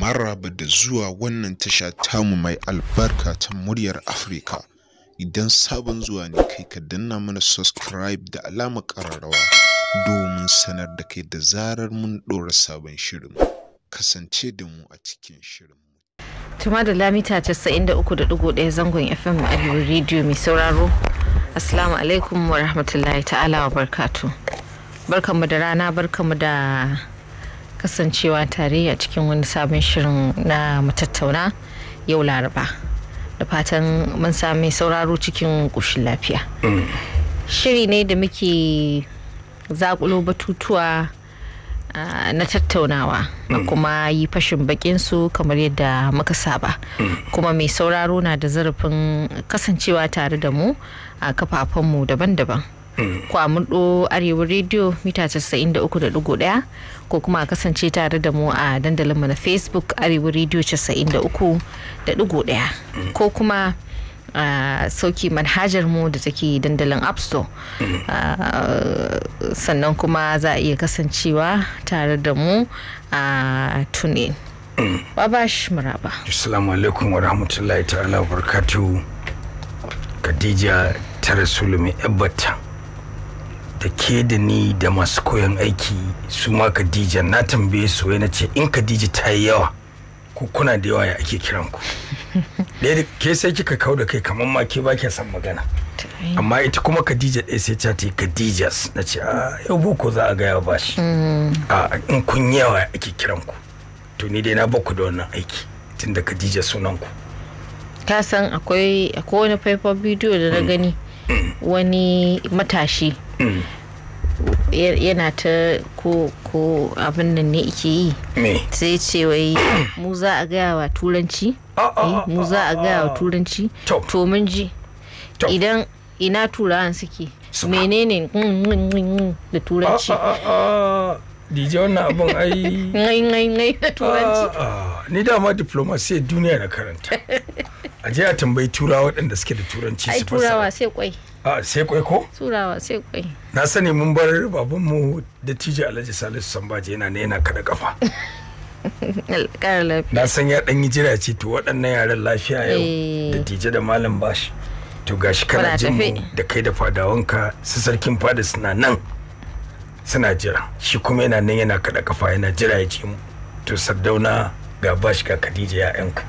maraba da zuwa wannan tasha tamu mai albarka ta muryar Afirka. Idan sabon zuwa ne kai ka danna mana subscribe da alama kararrawa domin sanar da kai da zarar mun dora sabon shirin. Kasance da mu a cikin shirin. Tuma da lamita 93.1 zangon FM a rediyo mai sauraro. Assalamu alaikum wa rahmatullahi ta'ala wa barkatu. Barkanmu da rana barkanmu da kasancewa tare a cikin wani sabon shirin na matattauna yau laraba da fatan mun sami sauraro cikin ƙoshin lafiya mm. shiri ne da muke zaƙulo batutuwa na tattaunawa mm. kuma yi fashin bakin su kamar yadda muka saba mm. kuma mai sauraro na da zarafin kasancewa tare da mu a kafafenmu daban-daban Ku a arewa radio mita 93.1 ko kuma a kasance tare da mu a mu na facebook arewa radio 93.1 ko kuma a sauki manhajar mu da take dandalin app store sannan kuma za a iya kasancewa tare da mu a uh, tune babash muraba assalamu alaikum wa rahmatullahi ta'ala wa barakatuhu khadija ta rasulumi yabbata da ke da ni da masu koyon aiki su ma Khadija na tambaye su wai na ce in Khadija ta yi yawa ku kuna da yawa ya ake kiran ku da ke sai kika kau da kai kamar ma ke ba san magana amma ita kuma Khadija ɗaya sai ta ce Khadijas na ce a ah, yau boko za a gaya ba shi mm. a ah, in kun yi yawa ya ake kiran ku to ni dai na baku da wannan aiki tun da Khadija sunan ku ka san akwai wani faifan bidiyo da na mm. gani mm. wani matashi Mm. yana ta ko ko abin nan ne ike yi sai ce wai mu za a gaya wa turanci oh, oh, eh, mu za a gaya wa oh. turanci to mun ji idan ina turawan suke menene mm, mm, da turanci dije wannan abin ai ngai da turanci ni dama diplomasiyyar duniya na karanta a je a tambayi turawa waɗanda suke da turanci su fasa ai turawa sai kwai a sai kwai ko turawa sai kwai na sani mun bar mu da tije alhaji salisu sambaje yana ne yana kada kafa na san ya dan yi jira ce to waɗannan yaren lafiya yau eh. da tije da malam bashi to gashi kana jin mu da kai da fadawanka su sarkin fada suna nan suna jira shi kuma yana nan yana kada kafa yana jira ya ce mu to sardauna ga bashi ga khadija yanka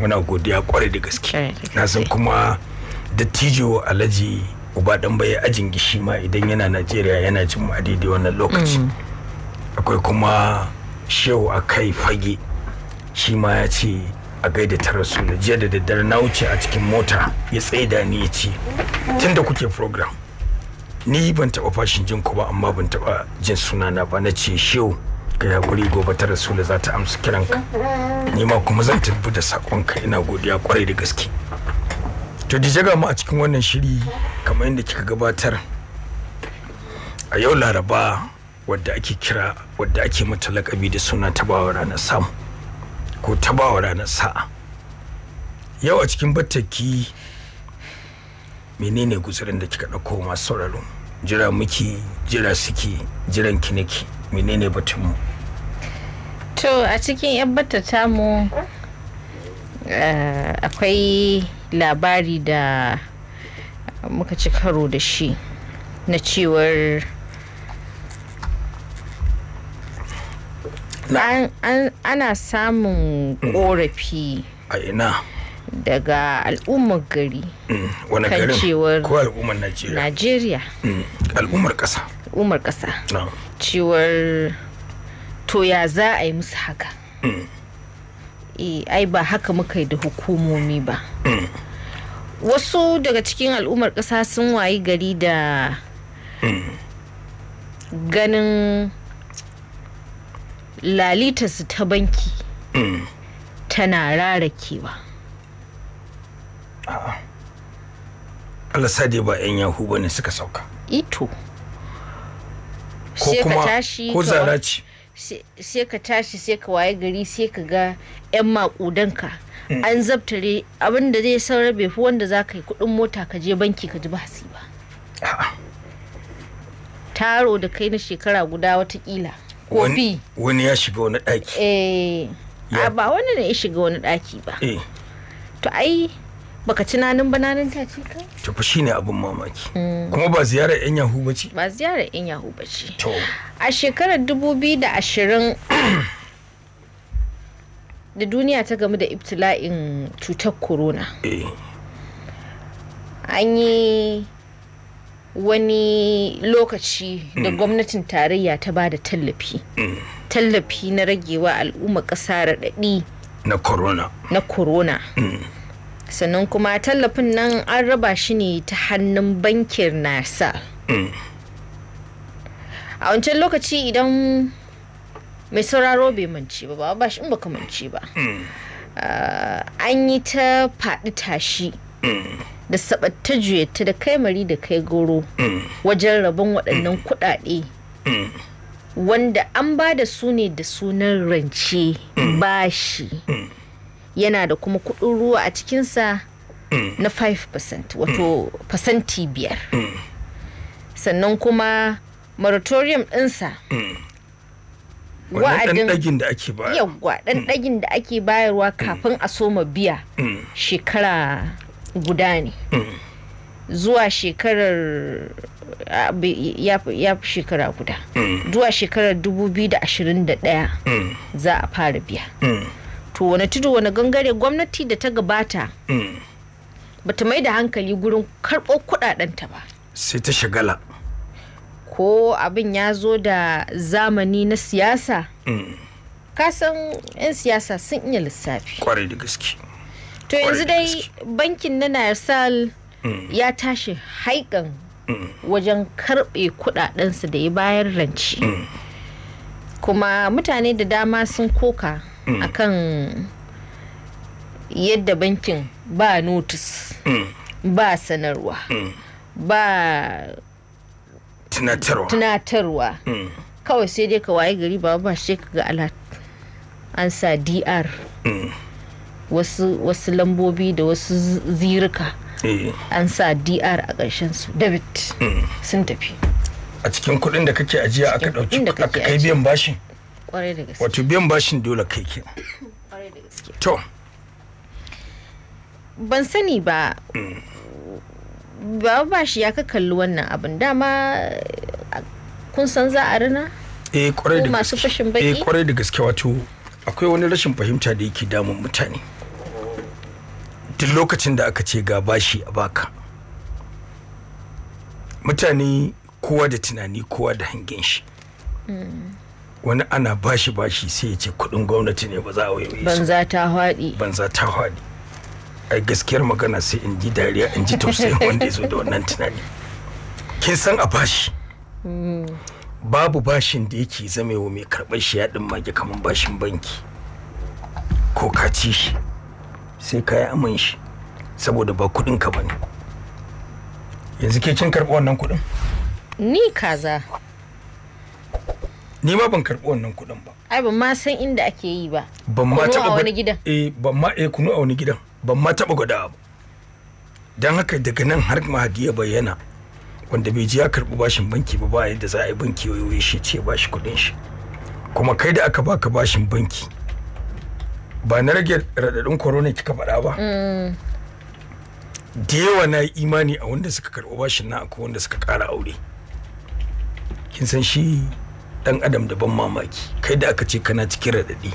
muna godiya kwarai da gaske na san kuma dattijo alhaji uba dan baya ajin gishi ma idan yana najeriya yana jin mu a daidai wannan lokaci mm. akwai kuma shehu a kai fage shi ma ya ce a gaida ta rasu rasulu jiya da daddare na wuce a cikin mota ya tsaida ni ya ce tun da kuke program ni ban taɓa fashin jin ku ba amma ban taɓa jin sunana ba na ce shehu ka hakuri gobe ta rasulu za ta amsa kiranka ni ma kuma zan tabbi da saƙonka ina godiya kwarai da gaske to di jaga mu a cikin wannan shiri kamar yadda kika gabatar a yau laraba wadda ake kira wadda ake mata lakabi da suna tabawa ranar sam ko tabawa ranar sa'a yau a cikin bataki menene guzurin da kika dauko masu sauraro jira muke jira suke jiran ki nake menene batun mu to a cikin yan battata mu eh, akwai labari da muka ci karo da shi na cewar ana samun korafi daga al'ummar gari mm, wani garin cewar ko al'ummar najeriya al'ummar kasa al'ummar ƙasa cewar to ya za a yi musu haka mm. E, ai ba haka muka yi da hukumomi ba wasu daga cikin al'ummar ƙasa sun wayi gari da ganin lalita su ta banki tana rarakewa alasade ba 'yan yahu ba ne suka sauka ito ko kuma ko zara sai ka tashi sai ka waye gari sai ka ga 'yan makudanka hmm. an zabtare abinda zai saura bai fi wanda za ka yi kuɗin mota ka je banki ka ji ba ba taro da kai na shekara guda watakila kofi wani ya shiga wani ɗaki eh ba wani ne ya shiga wani ɗaki ba eh. to ai baka ci nanin bananin ta ce ka to fa shine abin mamaki kuma ba ziyarar yan yahu ba ce ba ziyarar yan yahu ba ce to a shekarar 2020 da duniya ta gamu da ibtila'in cutar corona eh. an yi wani lokaci da mm. gwamnatin tarayya ta ba da tallafi mm. tallafi na ragewa al'umma ƙasa raɗaɗi na corona na corona mm. sannan kuma tallafin nan an raba shi ne ta hannun bankin nasa mm. a wancan lokaci idan mai sauraro bai manci ba ba shi in baka manci ba mm. ah, an yi ta faɗi tashi mm. da sabatta juyetta da kai mari da kai goro wajen rabon waɗannan kuɗaɗe wanda an ba da su ne da sunan rance bashi yana da kuma kudin ruwa a cikinsa na 5% wato fasanti biyar sannan kuma moratorium ɗinsa wa'adin ɗagin da ake bayarwa yawwa ɗan mm. ɗagin da ake bayarwa kafin a soma biya mm. shekara guda ne mm. zuwa shekarar ya fi shekara guda zuwa shekarar 2021 za a fara biya to wani tudu wani gangare gwamnati da ta gabata mm. ba ta mai da hankali gurin karɓo kuɗaɗenta ba sai ta shagala ko abin ya zo da zamani na siyasa mm. kasan 'yan siyasa sun iya lissafi kwarai da gaske to yanzu dai bankin na narsal mm. ya tashi haikan wajen karɓe kuɗaɗensa da ya bayar ranci kuma mutane da dama sun koka Mm. akan yadda bankin ba notis mm. ba sanarwa mm. ba tunatarwa kawai sai dai ka waye gari ba ba shi ga alat an sa dr wasu lambobi da wasu zirika eh. an sa dr a ƙarshen su david sun tafi a cikin kuɗin da kake ajiya aka ɗauki aka kai biyan bashi kwarai da gaske wato biyan bashin dole kai ke kwarai da gaske to ban sani ba mm. ba bashi ya ka kalli wannan abin dama kun san za a rina eh kwarai da masu fashin baki eh kwarai da gaske wato akwai wani rashin fahimta da yake damun mutane duk lokacin da aka ce ga bashi a baka mutane kowa da tunani kowa da hangen shi mm. wani ana bashi bashi sai ya ce kudin gwamnati ne ba za a waiwaye banza ta haɗi banza ta haɗi ai gaskiyar magana sai in ji dariya in ji tausayin wanda ya zo da wannan tunani kin san a bashi hmm. babu bashin da yake zame wa mai karɓar shi ya yaɗin mage kamar bashin banki ko ka ci shi sai ka yi amin shi saboda ba kuɗin ka bane yanzu ke cin karɓi wannan kuɗin ni kaza ni ma ban karɓi wannan kuɗin ba ai ban ma san inda ake yi ba ban ma taɓa wani gidan eh ban ma eh kunu a wani gidan ban ma taɓa gwada ba dan haka daga nan har mahadi ya bayyana wanda bai ji ya karɓi bashin banki ba ba yadda za a yi banki yi shi ce bashi kuɗin shi kuma kai da aka baka bashin banki ba na rage raɗaɗin korona kika faɗa ba mm. da yawa na yi imani a wanda suka karɓi bashin na akwai wanda suka ƙara aure kin san shi dan adam da ban mamaki kai da aka ce kana cikin radadi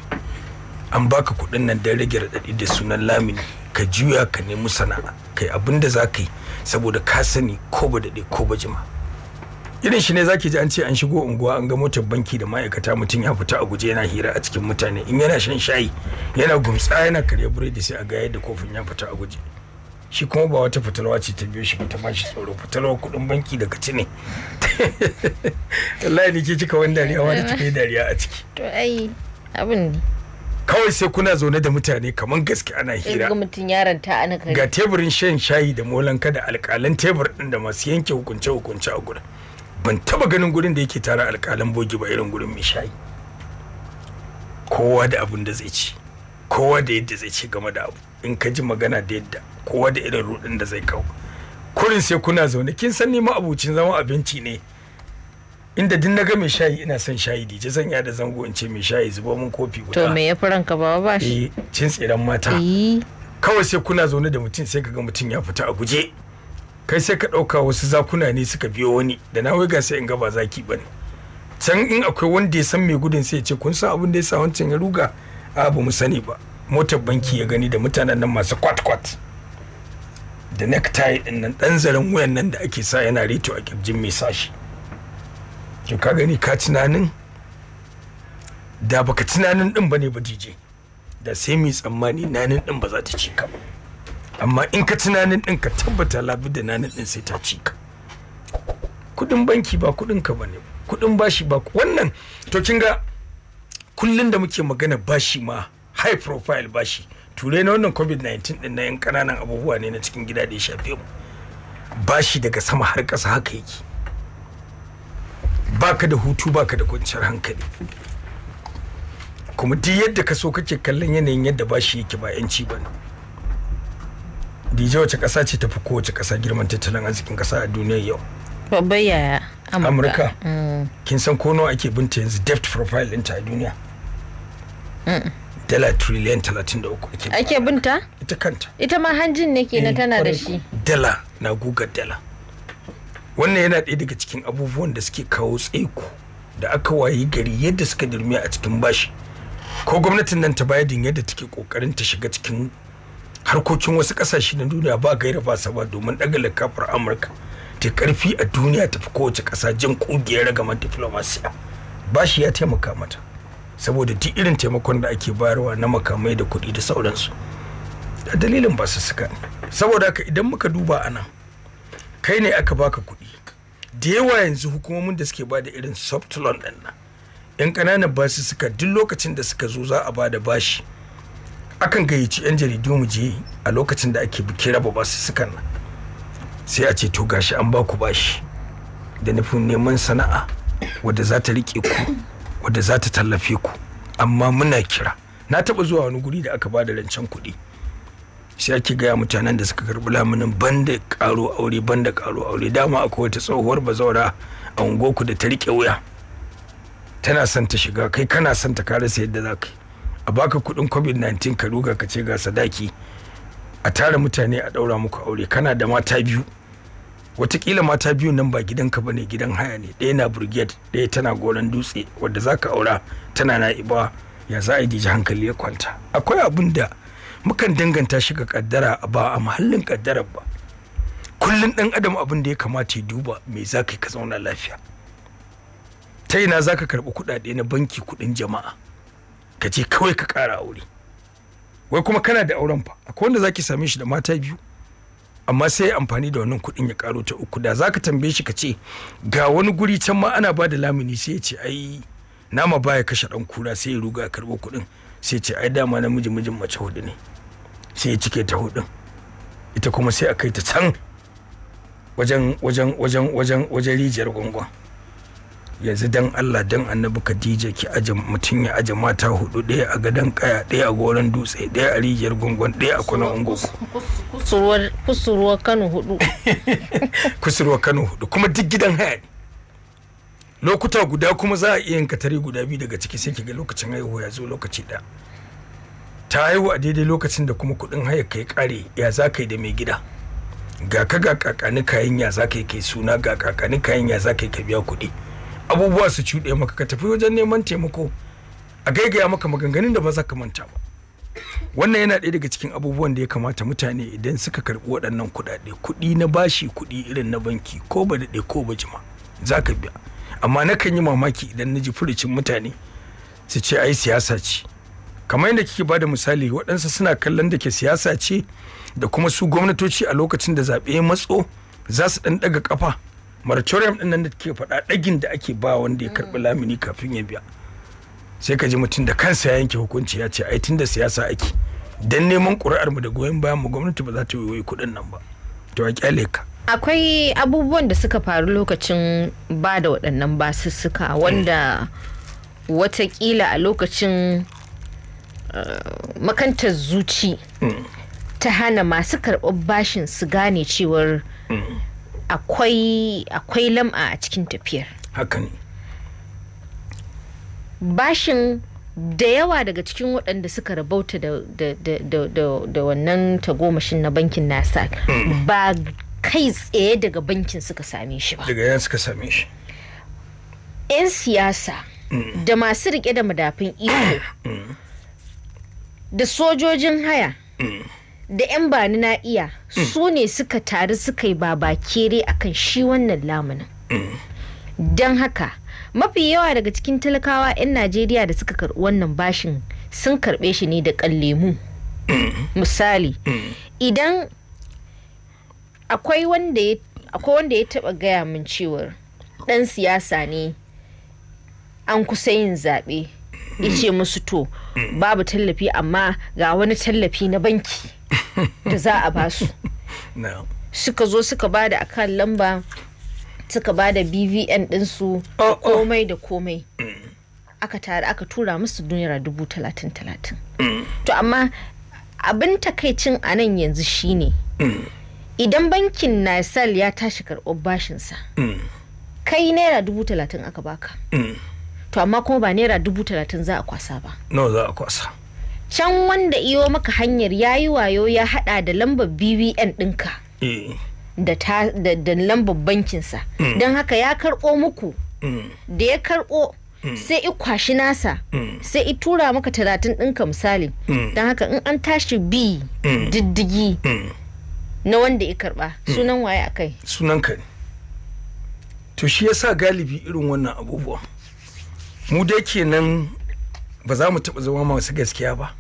an baka kudin nan dan rage radadi da sunan lamini ka juya ka nemi sana'a kai abin da za yi saboda ka sani ko ba daɗe ko ba jima irin shi ne za ji an ce an shigo unguwa an ga motar banki da ma'aikata mutum ya fita a guje yana hira a cikin mutane in yana shan shayi yana gumtsa yana karya burodi sai a ga yadda kofin ya fita a guje shi kuma ba wata fitalwa ce ta biyo shi ba ta ba shi tsoro fitalwa kudin banki daga ci ne wallahi ne ke cika wani dariya wani cikin kai dariya a ciki to ai abin ne kawai sai kuna zaune da mutane kamar gaske ana hira ga mutum yaron ta ana kare ga teburin shan shayi da molan da alƙalan tebur din da masu yanke hukunce hukunce a gurin ban taba ganin gurin da yake tara alƙalan bogi ba irin gurin mai shayi kowa da abin da zai ci kowa da yadda zai ci game da abu in ka ji magana da yadda kowa da irin rudin da zai kawo kurin sai kuna zaune kin san ni ma abucin zama abinci ne inda din naga mai shayi ina son shayi da ji zan yada da zango in ce mai shayi zuba mun kofi guda to me ya ka ba ba shi eh, cin tsiran mata eh. kawai sai kuna zaune da mutum sai kaga mutum ya fita a guje kai sai ka dauka wasu zakuna ne suka biyo wani da na wai sai in ga ba zaki ba can in akwai wanda ya san mai gudun sai ya ce kun san abin da ya sa wancan ya ruga a ba mu sani ba motar banki ya gani da mutanen nan masu kwat-kwat da necktie din nan dan zaren wayan nan da ake sa yana reto a kirjin mai sashi to ka gani ka tunanin da baka tunanin din bane ba dije da sai mai tsammani nanin din ba za ta ci ka amma in ka tunanin din ka tabbata labi da nanin din sai ta ci ka kudin banki ba kudin ka bane kudin bashi ba wannan to kin ga kullun da muke magana bashi ma high profile bashi ture na wannan covid-19 din na yan kananan abubuwa ne na cikin gida da ya shafe mu bashi daga sama har ƙasa haka yake baka da hutu baka da kwanciyar hankali kuma duk yadda ka so kake kallon yanayin yadda bashi yake ba yanci ba ne dj wace ƙasa ce tafi kowace kasa girman tattalin arzikin kasa a duniya yau yaya amurka mm. kin san ko nawa ake binta yanzu deft profile ɗinta a duniya mm. dala triliyan 33 ake ake binta ita kanta ita ma hanjin ne ke na eh, tana da shi dala na guga dala wannan yana ɗaya daga cikin abubuwan da suke kawo tsaiko da aka wayi gari yadda suka dirmi a cikin bashi ko gwamnatin nan ta bayadin yadda take kokarin ta shiga cikin harkokin wasu kasashe na duniya ba gaira ba saba domin daga kafar Amurka ta karfi a duniya tafi kowace kasa jin kungiyar ragaman diplomasiya bashi ya taimaka mata saboda duk irin taimakon da ake bayarwa na makamai da kuɗi da sauransu da dalilin ba su suka ne saboda haka idan muka duba a kai ne aka baka kuɗi da yawa yanzu hukumomin da suke ba da irin soft loan ɗin nan yan ƙananan su suka duk lokacin da suka zo za a ba da bashi akan gayyaci yan jaridu mu je a lokacin da ake bikin raba su suka nan sai a ce to gashi an ba ku bashi da nufin neman sana'a wadda za ta riƙe ku wadda za ta tallafe ku amma muna kira na taɓa zuwa wani guri da aka bada rancen kuɗi sai ake gaya mutanen da suka karɓi lamunin banda karo aure banda karo aure dama akwai wata tsohuwar bazaura a ungoku da ta rike wuya tana son ta shiga kai kana son ta kare sa yadda za ka yi a baka kuɗin covid-19 ka ruga ka ce ga sadaki a tara mutane a ɗaura muku aure kana da mata biyu watakila mata biyu nan ba gidanka bane gidan haya ne ɗaya na brigade ɗaya tana goron dutse wadda za ka aura tana na iba ya za a ji hankali ya kwanta akwai abin da mukan danganta shi ga kaddara ba a mahallin kaddarar ba kullum ɗan adam abin da ya kamata ya duba me za ka yi ka zauna lafiya ta ina za ka karɓi kuɗaɗe na banki kuɗin jama'a ka je kawai ka ƙara aure wai kuma kana da auren fa akwai wanda za ki same shi da mata biyu amma sai amfani da wannan kuɗin ya karo ta uku da zaka tambaye shi ka ce ga wani guri can ma ana bada lamuni sai ya ce ai nama baya kashe dan kura sai ya ruga a karɓo kuɗin sai ce ai dama namiji mijin mace hudu ne sai ya cike ta hudun ita kuma sai a kai ta can wajen wajen wajen wajen wajen rijiyar gwangwan yanzu dan Allah dan annabi Khadija ki aje mutum ya aje mata hudu ɗaya a gadon kaya ɗaya a goron dutse ɗaya a rijiyar gungun ɗaya a kwanan ungoku kusurwa Kano hudu kusurwa Kano hudu kuma duk gidan haya ne lokuta guda kuma za a iya yanka tare guda biyu daga ciki sai kiga lokacin haihuwa ya zo lokaci ɗaya ta haihu a daidai lokacin da kuma kuɗin haya kai kare ya za ka yi da mai gida ga ka ga kakani kayan ya za ka yi kai suna ga kakani kayan ya za ka yi ka biya kuɗi abubuwa su cuɗe maka ka tafi wajen neman taimako a gaigaya maka maganganun da ba za ka manta ba wannan yana ɗaya daga cikin abubuwan da ya kamata mutane idan suka karɓi waɗannan kuɗaɗe kuɗi na bashi kuɗi irin na banki ko ba daɗe ko ba jima za ka biya amma nakan yi mamaki idan na ji furucin mutane su ce ai siyasa ce kamar yadda kike bada misali waɗansu suna kallon da ke siyasa ce da kuma su gwamnatoci a lokacin da zaɓe matso za su ɗan ɗaga ƙafa moratorium din nan da ke faɗa ɗagin da ake ba wanda ya karɓi lamini kafin ya biya sai ka ji mutum da kansa ya yanke hukunci ya ce ai tun da siyasa ake dan neman ƙuri'ar mu da goyon bayan mu gwamnati ba za ta yi kuɗin nan ba to a kyale ka akwai abubuwan da suka faru lokacin ba da waɗannan basussuka wanda watakila a lokacin eh, makantar zuci mm. ta hana masu karɓar bashin su gane cewar mm. akwai lam'a a cikin tafiyar haka ne bashin da yawa daga cikin waɗanda suka rabauta da wannan tagomashin na bankin nasa mm. ba kai tsaye daga bankin suka same shi ba daga yan suka same shi 'yan siyasa mm. da masu rike da madafin iko mm. da sojojin haya da 'yan bani na iya mm. su ne suka taru suka yi baba kere akan shi wannan lamunin mm. don haka mafi yawa daga cikin talakawa 'yan najeriya da suka karɓi wannan bashin sun karɓe shi ne da lemu mm. misali idan akwai wanda ya taɓa gaya min cewar ɗan siyasa ne an kusa yin zaɓe ya ce musu to babu tallafi amma ga wani tallafi na banki da za a basu suka zo suka ba da akan lamba suka ba da bvn ɗinsu oh, oh. komai da komai aka tare aka tura musu naira dubu talatin talatin to amma abin takaicin a nan yanzu shi ne. idan bankin nasal ya tashi karɓar bashinsa kai naira dubu talatin aka baka to amma kuma ba naira dubu talatin za a kwasa ba no za a kwasa can wanda iyo maka hanyar yayi wayo ya hada da lambar bbn dinka. Eh. da lambar bankinsa mm. don haka ya karɓo muku mm. da ya karɓo mm. sai i kwashi nasa sai i tura maka talatin dinka misali don haka in an tashi bi diddigi na wanda i karɓa sunan waye a kai sunan ka ne to shi yasa galibi irin wannan abubuwa mu dai kenan ba za mu taɓa zama masu gaskiya ba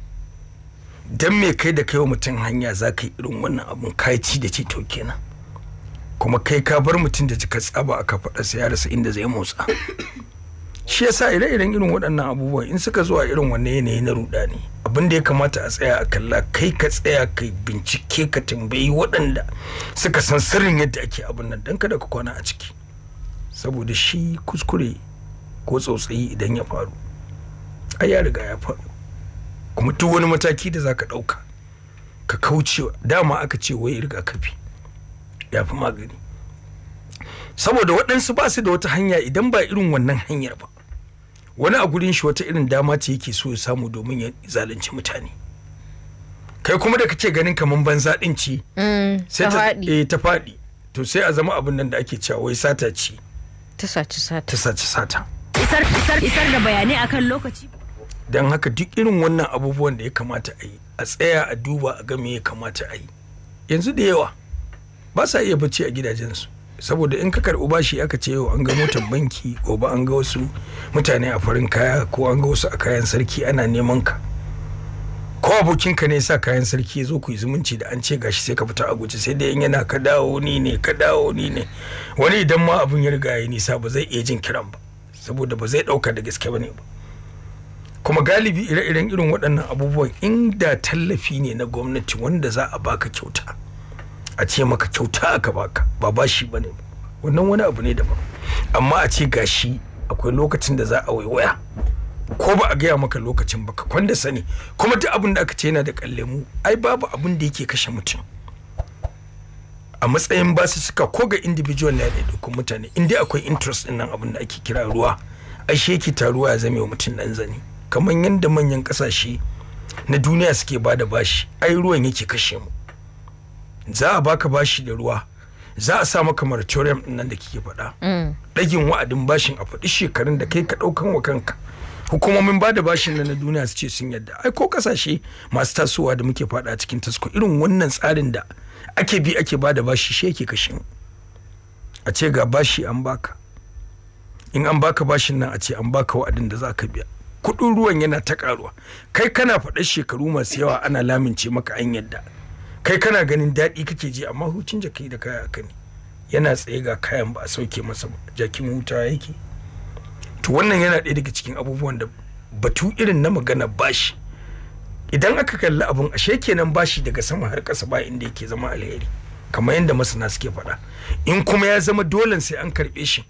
don me kai da kai wa mutum hanya za ka yi irin wannan abun kai ci da ci to kenan kuma kai ka bar mutum da cika tsaba aka faɗa sai ya rasa inda zai motsa shi yasa ire-iren irin waɗannan abubuwa in suka zuwa irin wannan yanayi na ne abin da ya kamata a tsaya a kalla kai ka tsaya kai bincike ka tambayi waɗanda suka san sirrin yadda ake abin nan don kada ka kwana a ciki saboda shi kuskure ko tsotsayi idan ya faru ai ya riga ya faru kuma duk wani mataki da za ka ɗauka ka kauce dama aka ce wai rigakafi ya fi magani saboda waɗansu ba su da wata hanya idan ba irin wannan hanyar ba wani a gurin shi wata irin dama ce yake so ya samu domin ya zalunci mutane kai kuma da kake ganin kamar banza ɗin ce mm, eh, ta faɗi to sai a zama abin nan da ake cewa wai sata ce ta sace sata sata isar da bayanai akan lokaci don haka duk irin wannan abubuwan da ya kamata a yi a tsaya a duba a game ya kamata a yi yanzu da yawa ba sa iya bacci a gidajensu saboda in ka karɓi bashi aka ce yau an ga motar banki gobe an ga wasu mutane a farin kaya ko an ga wasu a kayan sarki ana neman ka ko abokin ka ne sa kayan sarki ya zo ku yi zumunci da an ce gashi sai ka fita a guji sai dai in yana ka dawo ni ne ka dawo ni ne wani idan ma abin ya riga ya nisa ba zai iya jin kiran ba saboda ba zai ɗauka da gaske ba ne ba kuma galibi ire-iren irin waɗannan abubuwan inda tallafi ne na gwamnati wanda za a baka kyauta a ce maka kyauta aka baka ba bashi ba ne wannan wani abu ne daban amma a ce gashi akwai lokacin da za a waiwaya ko ba a gaya maka lokacin ba ka kwanda sani kuma ta abin da aka ce yana da kallemu ai babu abin da yake kashe mutum a matsayin basu suka ko ga individual na ɗaiɗaikun mutane in akwai interest ɗin nan abin da ake kira ruwa shi yake taruwa ya zame wa mutum nan zani. kamar yadda manyan kasashe na duniya suke ba da bashi ai ruwan yake kashe mu za a baka bashi da ruwa za a sa maka moratorium nan da kike faɗa ɗagin mm. wa'adin bashin a faɗi shekarun da kai ka ɗaukan wa kanka hukumomin ba da bashin nan na duniya su ce sun yadda ai ko kasashe masu tasowa da muke faɗa cikin tasko irin wannan tsarin da ake bi ake ba da bashi shi yake kashe mu a ce ga bashi an baka in an baka bashin nan a ce an baka wa'adin da za ka biya kuɗin ruwan yana ta karuwa kai kana faɗar shekaru masu yawa ana lamince maka an yadda kai kana ganin daɗi kake ji amma hutun jaki da kaya aka ne yana tsaye ga kayan ba a sauke masa ba jakin huta yake to wannan yana ɗaya daga cikin abubuwan da batu irin na magana bashi idan aka kalli abun ashe kenan bashi daga sama har ƙasa ba inda yake zama alheri kamar yadda masana suke faɗa in kuma ya zama dole sai an karɓe shi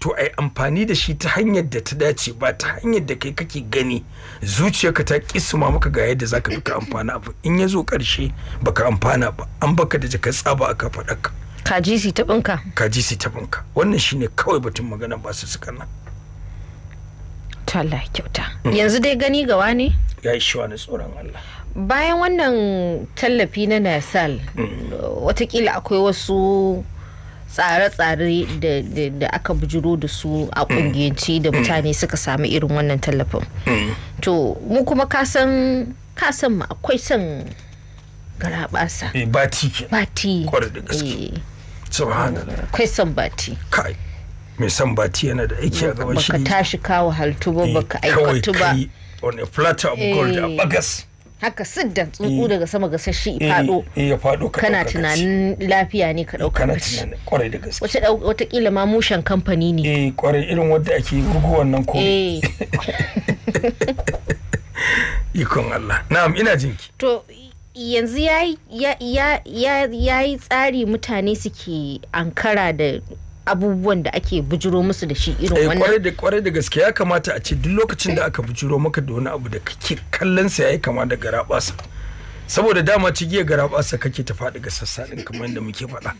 to ai amfani da shi ta hanyar da ta dace ba ta hanyar da kai kake gani zuciyarka ta kisma maka ga yadda zaka fi ka amfana abu in ya zo karshe baka amfana ba an baka da jaka tsaba aka faɗaka kaji si tabinka kaji si tabinka wannan shine kawai batun magana ba su suka nan to kyauta mm. yanzu dai gani gawa ne ya yi shi wani tsoron Allah bayan wannan tallafi na nasal mm. watakila akwai wasu tsare-tsare da aka bujuro da su a kungiyance mm. da mm. mutane suka sami irin wannan tallafin mm. to mu kuma kasan kasan ma akwai son garabasa eh, bati bati kwarar da gaske eh. subhanallah akwai son bati kai mai son bati yana da aiki a gaban shi baka tashi kawo haltu ba eh, baka aikatu ba on a platter of gold a bagas haka siddan tsuntsu eh. daga sama ga sashi fado ya eh, fado eh, ka kana tunanin lafiya ne ka dauka kana tunanin kwarai da gaske wata watakila ma mushen kamfani ne eh kwarai irin wanda ake gurguwan wannan ko eh ikon Allah na'am ina jinki to yanzu ya yi tsari mutane suke ankara da abubuwan da ake bujiro musu da shi irin eh, wannan kwarai da kwarai da gaske ya kamata a ce duk lokacin da aka bujiro maka da wani abu da kake kallon sa yayi kama da garabasa saboda dama giya garabasa kake ta faɗi ga sassa din kamar yadda muke faɗa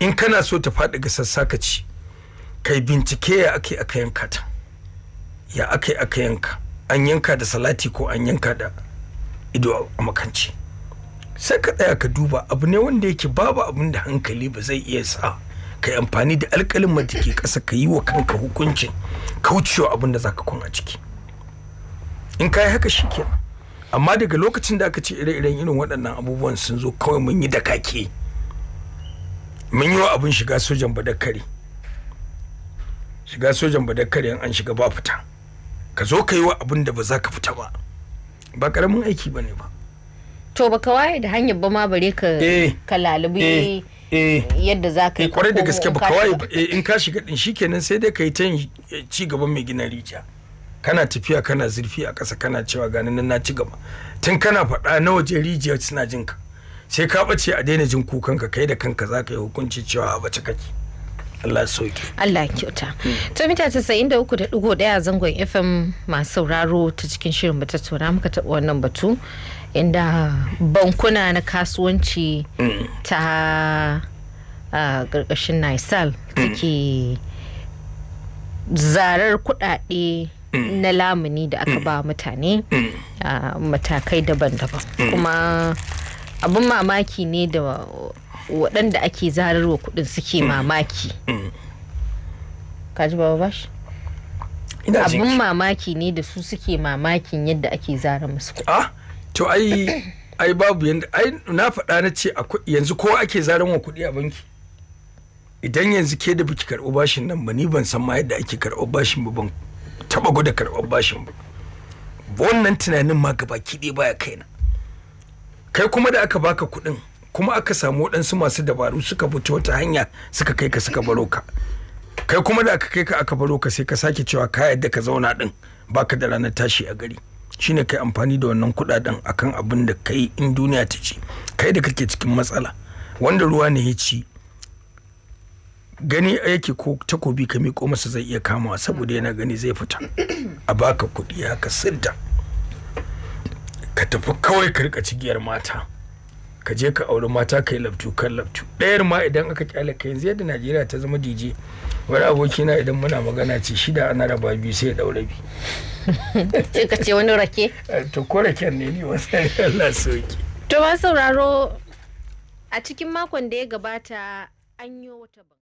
in kana so ta faɗi ga sassa ka ci kai bincike ya akai aka yanka ta ya akai aka yanka an yanka da salati ko an yanka da ido a makanci sai ka tsaya ka duba abu ne wanda yake babu abin da hankali ba zai iya sa ka yi amfani da alƙalin da ke ƙasa ka yi wa kanka hukunci kaucewa abin da za ka kun ciki in ka yi haka shi ke amma daga lokacin da aka ce ire-iren irin waɗannan abubuwan sun zo kawai mun yi da kake mun yi wa abin shiga sojan badakare shiga sojan badakare an shiga ba fita ka zo ka yi wa abin da ba za ka fita ba ba ƙaramin aiki ba ne ba to ka waye da hanyar ba ma bare ka eh. ka lalubi eh. Eh. yadda za ka yi kwarai da gaske ka waye in ka shiga din shikenan sai dai ka yi tan ci gaban mai gina rijiya kana tafiya kana zurfi a ƙasa kana cewa ganin nan na ci gaba tun kana faɗa na waje rijiya suna jin ka sai ka bace a daina jin kukan ka kai da kanka za ka yi hukunci cewa a bace kake Allah sauki. Allah kyauta. Hmm. To mita ɗaya zangon FM masu sauraro ta cikin shirin mu tattauna muka taɓa wannan batu. inda bankuna na kasuwanci mm. ta ƙarƙashin nisal mm. suke zarar kuɗaɗe mm. na lamuni da aka ba mutane a matakai daban-daban kuma abin mamaki ne da waɗanda ake zararwa kudin suke mamaki kaji ba bashi abin mamaki ne da su suke mamakin yadda ake zara musu kudi ah? to ai ai babu yanda ai na faɗa na ce yanzu kowa ake zaran wa kuɗi a banki idan yanzu ke da biki karɓo bashin nan ba ni ban san ma yadda ake karɓo bashin ba ban taɓa gwada karɓo bashin ba wannan tunanin ma gaba ɗaya baya kaina kai kuma da aka baka kuɗin kuma aka samu waɗansu masu dabaru suka fito wata hanya suka kai ka suka baro ka kai kuma da aka kai ka aka baro ka sai ka sake cewa ka yadda ka zauna ɗin baka da ranar tashi a gari shine kai amfani da wannan kudaden akan abin da kai in duniya ta ci kai da kake cikin matsala wanda ruwa ne ya ci gani yake ko takobi ka miƙo masa zai iya kamawa saboda yana gani zai fita a baka kuɗi haka sidda ka tafi kawai ka rika cigiyar mata ka je ka auri mata ka yi laftu kan laftu ɗayar ma idan aka kyale ka yanzu yadda najeriya ta zama dj wani abokina idan muna magana ce shida ana raba biyu sai ya daura biyu sai ka ce wani rake eh, to ko raken ne ne wasu Allah sauki to ma sauraro a cikin makon da ya gabata an yi wata